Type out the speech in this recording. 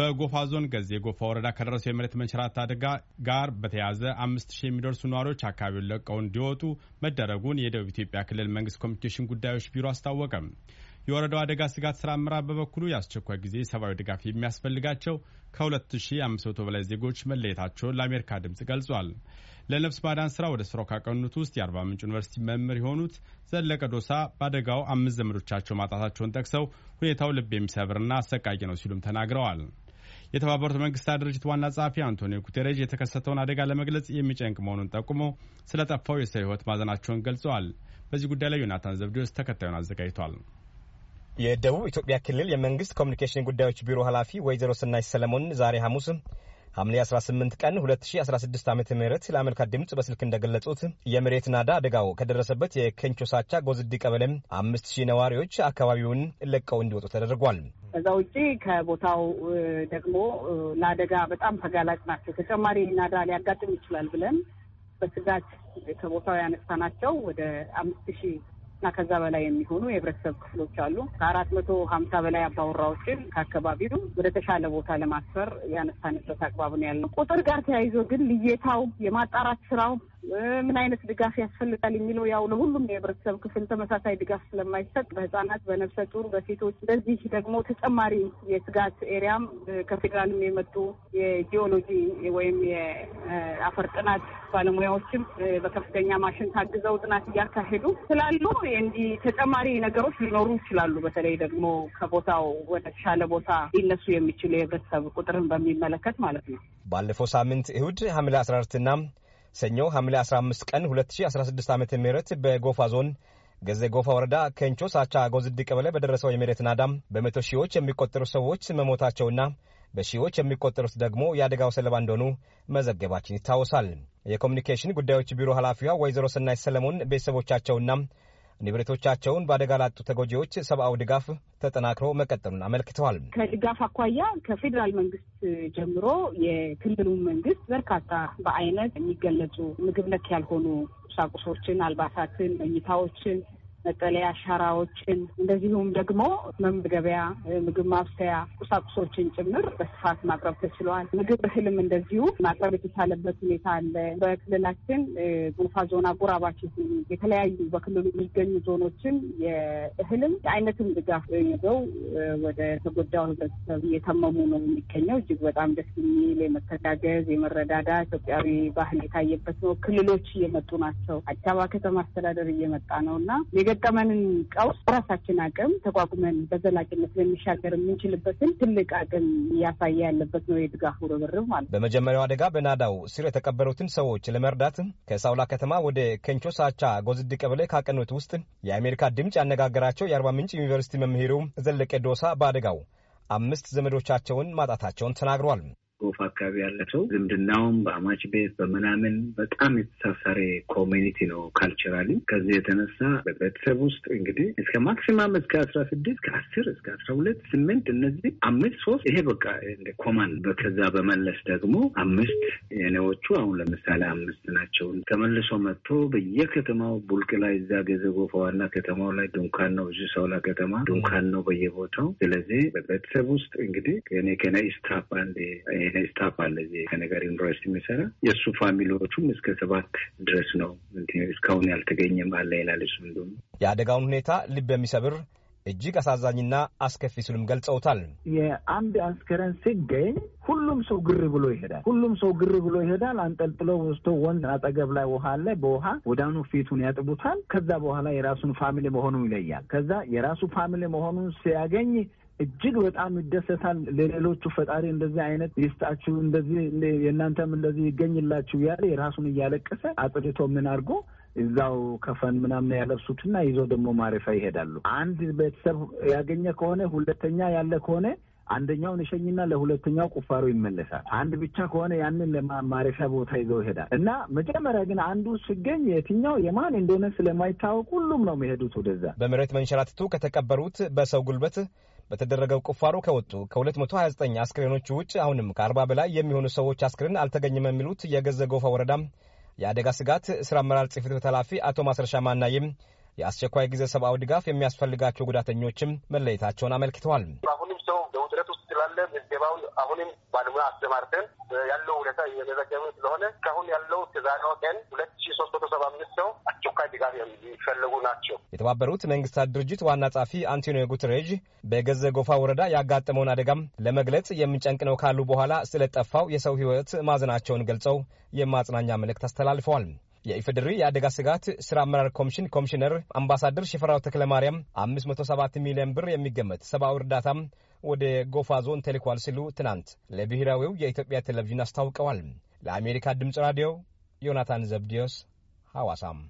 በጎፋ ዞን ገዜ ጎፋ ወረዳ ከደረሰው የመሬት መንሸራት አደጋ ጋር በተያያዘ አምስት ሺህ የሚደርሱ ነዋሪዎች አካባቢውን ለቀው እንዲወጡ መደረጉን የደቡብ ኢትዮጵያ ክልል መንግስት ኮሚኒኬሽን ጉዳዮች ቢሮ አስታወቀም። የወረዳው አደጋ ስጋት ስራ አመራር በበኩሉ የአስቸኳይ ጊዜ ሰብአዊ ድጋፍ የሚያስፈልጋቸው ከ2500 በላይ ዜጎች መለየታቸውን ለአሜሪካ ድምፅ ገልጿል። ለነፍስ ማዳን ስራ ወደ ስራው ካቀኑት ውስጥ የአርባ ምንጭ ዩኒቨርሲቲ መምህር የሆኑት ዘለቀ ዶሳ በአደጋው አምስት ዘመዶቻቸው ማጣታቸውን ጠቅሰው ሁኔታው ልብ የሚሰብርና አሰቃቂ ነው ሲሉም ተናግረዋል። የተባበሩት መንግስታት ድርጅት ዋና ጸሐፊ አንቶኒዮ ጉቴሬዥ የተከሰተውን አደጋ ለመግለጽ የሚጨንቅ መሆኑን ጠቁሞ ስለ ጠፋው የሰው ህይወት ማዘናቸውን ገልጸዋል። በዚህ ጉዳይ ላይ ዮናታን ዘብዴዎስ ተከታዩን አዘጋጅቷል። የደቡብ ኢትዮጵያ ክልል የመንግስት ኮሚኒኬሽን ጉዳዮች ቢሮ ኃላፊ ወይዘሮ ስናይ ሰለሞን ዛሬ ሐሙስ ሐምሌ 18 ቀን 2016 ዓ ም ለአሜሪካ ድምፅ በስልክ እንደገለጹት የመሬት ናዳ አደጋው ከደረሰበት የኬንቾሳቻ ጎዝዲ ቀበሌም 5000 ነዋሪዎች አካባቢውን ለቀው እንዲወጡ ተደርጓል። ከዛ ውጭ ከቦታው ደግሞ ለአደጋ በጣም ተጋላጭ ናቸው። ተጨማሪ ናዳ ሊያጋጥም ይችላል ብለን በስጋት ከቦታው ናቸው ወደ አምስት ሺህ እና ከዛ በላይ የሚሆኑ የህብረተሰብ ክፍሎች አሉ። ከአራት መቶ ሀምሳ በላይ አባወራዎችን ከአካባቢው ወደ ተሻለ ቦታ ለማስፈር ያነሳንበት አግባብ ነው ያለው። ቁጥር ጋር ተያይዞ ግን ልየታው የማጣራት ስራው ምን አይነት ድጋፍ ያስፈልጋል የሚለው ያው ለሁሉም የህብረተሰብ ክፍል ተመሳሳይ ድጋፍ ስለማይሰጥ በህጻናት፣ በነፍሰ ጡር፣ በሴቶች እንደዚህ ደግሞ ተጨማሪ የስጋት ኤሪያም ከፌዴራልም የመጡ የጂኦሎጂ ወይም የአፈር ጥናት ባለሙያዎችም በከፍተኛ ማሽን ታግዘው ጥናት እያካሄዱ ስላሉ እንዲህ ተጨማሪ ነገሮች ሊኖሩ ይችላሉ። በተለይ ደግሞ ከቦታው ወደ ተሻለ ቦታ ሊነሱ የሚችሉ የህብረተሰብ ቁጥርን በሚመለከት ማለት ነው። ባለፈው ሳምንት እሁድ ሐምሌ አስራ አራትና ሰኞ ሐምሌ 15 ቀን 2016 ዓ ም በጎፋ ዞን ገዜ ጎፋ ወረዳ ከንቾ ሳቻ ጎዝዲ ቀበሌ በደረሰው የመሬት ናዳም በመቶ ሺዎች የሚቆጠሩ ሰዎች መሞታቸውና በሺዎች የሚቆጠሩት ደግሞ የአደጋው ሰለባ እንደሆኑ መዘገባችን ይታወሳል። የኮሚኒኬሽን ጉዳዮች ቢሮ ኃላፊዋ ወይዘሮ ሰናይ ሰለሞን ቤተሰቦቻቸውና ንብረቶቻቸውን በአደጋ ላጡ ተጎጂዎች ሰብአዊ ድጋፍ ተጠናክሮ መቀጠሉን አመልክተዋል። ከድጋፍ አኳያ ከፌዴራል መንግስት ጀምሮ የክልሉ መንግስት በርካታ በአይነት የሚገለጹ ምግብ ነክ ያልሆኑ ቁሳቁሶችን፣ አልባሳትን፣ መኝታዎችን መጠለያ ሸራዎችን፣ እንደዚሁም ደግሞ መመገቢያ፣ ምግብ ማብሰያ ቁሳቁሶችን ጭምር በስፋት ማቅረብ ተችሏል። ምግብ እህልም እንደዚሁ ማቅረብ የተቻለበት ሁኔታ አለ። በክልላችን ጎፋ ዞን አጎራባች የተለያዩ በክልሉ የሚገኙ ዞኖችን የእህልም የአይነትም ድጋፍ ይዘው ወደ ተጎዳው ህብረተሰብ እየተመሙ ነው የሚገኘው። እጅግ በጣም ደስ የሚል የመተጋገዝ የመረዳዳ ኢትዮጵያዊ ባህል የታየበት ነው። ክልሎች እየመጡ ናቸው። አዲስ አበባ ከተማ አስተዳደር እየመጣ ነው እና የገጠመንን ቀውስ በራሳችን አቅም ተቋቁመን በዘላቂነት ለሚሻገር የምንችልበትን ትልቅ አቅም እያሳየ ያለበት ነው የድጋፉ ርብርብ ማለት ነው። በመጀመሪያው አደጋ በናዳው ስር የተቀበሩትን ሰዎች ለመርዳት ከሳውላ ከተማ ወደ ኬንቾ ሳቻ ጎዝድ ቀበሌ ካቀኑት ውስጥ የአሜሪካ ድምፅ ያነጋገራቸው የአርባ ምንጭ ዩኒቨርሲቲ መምህሩ ዘለቀ ዶሳ በአደጋው አምስት ዘመዶቻቸውን ማጣታቸውን ተናግሯል። ጎፍ አካባቢ ያለ ሰው ዝምድናውም በአማች ቤት በምናምን በጣም የተሳሰረ ኮሚኒቲ ነው ካልቸራሊ። ከዚህ የተነሳ በቤተሰብ ውስጥ እንግዲህ እስከ ማክሲማም እስከ አስራ ስድስት ከአስር እስከ አስራ ሁለት ስምንት እነዚህ አምስት ሶስት ይሄ በቃ እንደ ኮማን በከዛ በመለስ ደግሞ አምስት የኔዎቹ አሁን ለምሳሌ አምስት ናቸው። ተመልሶ መጥቶ በየከተማው ቡልቅ ላይ እዛ ገዘ ጎፋ ዋና ከተማው ላይ ድንኳን ነው። እዚ ሰውላ ከተማ ድንኳን ነው በየቦታው። ስለዚህ በቤተሰብ ውስጥ እንግዲህ ከኔ ከነ ኢስታፕ አንድ ስታፍ አለ ከነገር ዩኒቨርሲቲ የሚሰራ የእሱ ፋሚሊዎቹም እስከ ሰባት ድረስ ነው እስካሁን ያልተገኘም አለ ይላል። እሱ እንዲሁም የአደጋውን ሁኔታ ልብ የሚሰብር እጅግ አሳዛኝና አስከፊ ሲሉም ገልጸውታል። የአንድ አስከረን ሲገኝ ሁሉም ሰው ግር ብሎ ይሄዳል። ሁሉም ሰው ግር ብሎ ይሄዳል። አንጠልጥሎ ወስቶ ወንዝ አጠገብ ላይ ውሃ አለ። በውሃ ወዳኑ ፊቱን ያጥቡታል። ከዛ በኋላ የራሱን ፋሚሊ መሆኑን ይለያል። ከዛ የራሱ ፋሚሊ መሆኑን ሲያገኝ እጅግ በጣም ይደሰታል። ለሌሎቹ ፈጣሪ እንደዚህ አይነት ይስጣችሁ፣ እንደዚህ የእናንተም እንደዚህ ይገኝላችሁ እያለ የራሱን እያለቀሰ አጥርቶ ምን አድርጎ እዛው ከፈን ምናምን ያለብሱትና ይዞ ደግሞ ማረፊያ ይሄዳሉ። አንድ ቤተሰብ ያገኘ ከሆነ ሁለተኛ ያለ ከሆነ አንደኛውን እሸኝና ለሁለተኛው ቁፋሮ ይመለሳል። አንድ ብቻ ከሆነ ያንን ለማረፊያ ቦታ ይዘው ይሄዳል እና መጀመሪያ ግን አንዱ ሲገኝ የትኛው የማን እንደሆነ ስለማይታወቅ ሁሉም ነው የሚሄዱት ወደዛ። በመሬት መንሸራትቱ ከተቀበሩት በሰው ጉልበት በተደረገው ቁፋሮ ከወጡ ከ229 አስክሬኖቹ ውጭ አሁንም ከ40 በላይ የሚሆኑ ሰዎች አስክሬን አልተገኘም የሚሉት የገዘ ጎፋ ወረዳም የአደጋ ስጋት ስራ አመራር ጽሕፈት ቤት ኃላፊ አቶ ማስረሻ ማናይም የአስቸኳይ ጊዜ ሰብአዊ ድጋፍ የሚያስፈልጋቸው ጉዳተኞችም መለየታቸውን አመልክተዋል። አሁንም ሰው በውጥረት ውስጥ ስላለ ምዝገባውን አሁንም ባለሙያ አስተማርተን ያለው ሁኔታ እየመዘገበ ስለሆነ እስካሁን ያለው ከዛሬው ቀን ሁለት ሺ ሶስት መቶ ሰባ አምስት ሰው ተወካይ ድጋፍ የሚፈልጉ ናቸው። የተባበሩት መንግስታት ድርጅት ዋና ጸሐፊ አንቶኒዮ ጉተሬዥ በገዘ ጎፋ ወረዳ ያጋጠመውን አደጋም ለመግለጽ የምንጨንቅ ነው ካሉ በኋላ ስለጠፋው የሰው ህይወት ማዘናቸውን ገልጸው የማጽናኛ መልእክት አስተላልፈዋል። የኢፌዴሪ የአደጋ ስጋት ስራ አመራር ኮሚሽን ኮሚሽነር አምባሳደር ሽፈራው ተክለ ማርያም 507 ሚሊዮን ብር የሚገመት ሰብአዊ እርዳታም ወደ ጎፋ ዞን ተልኳል ሲሉ ትናንት ለብሔራዊው የኢትዮጵያ ቴሌቪዥን አስታውቀዋል። ለአሜሪካ ድምፅ ራዲዮ ዮናታን ዘብዲዮስ ሐዋሳም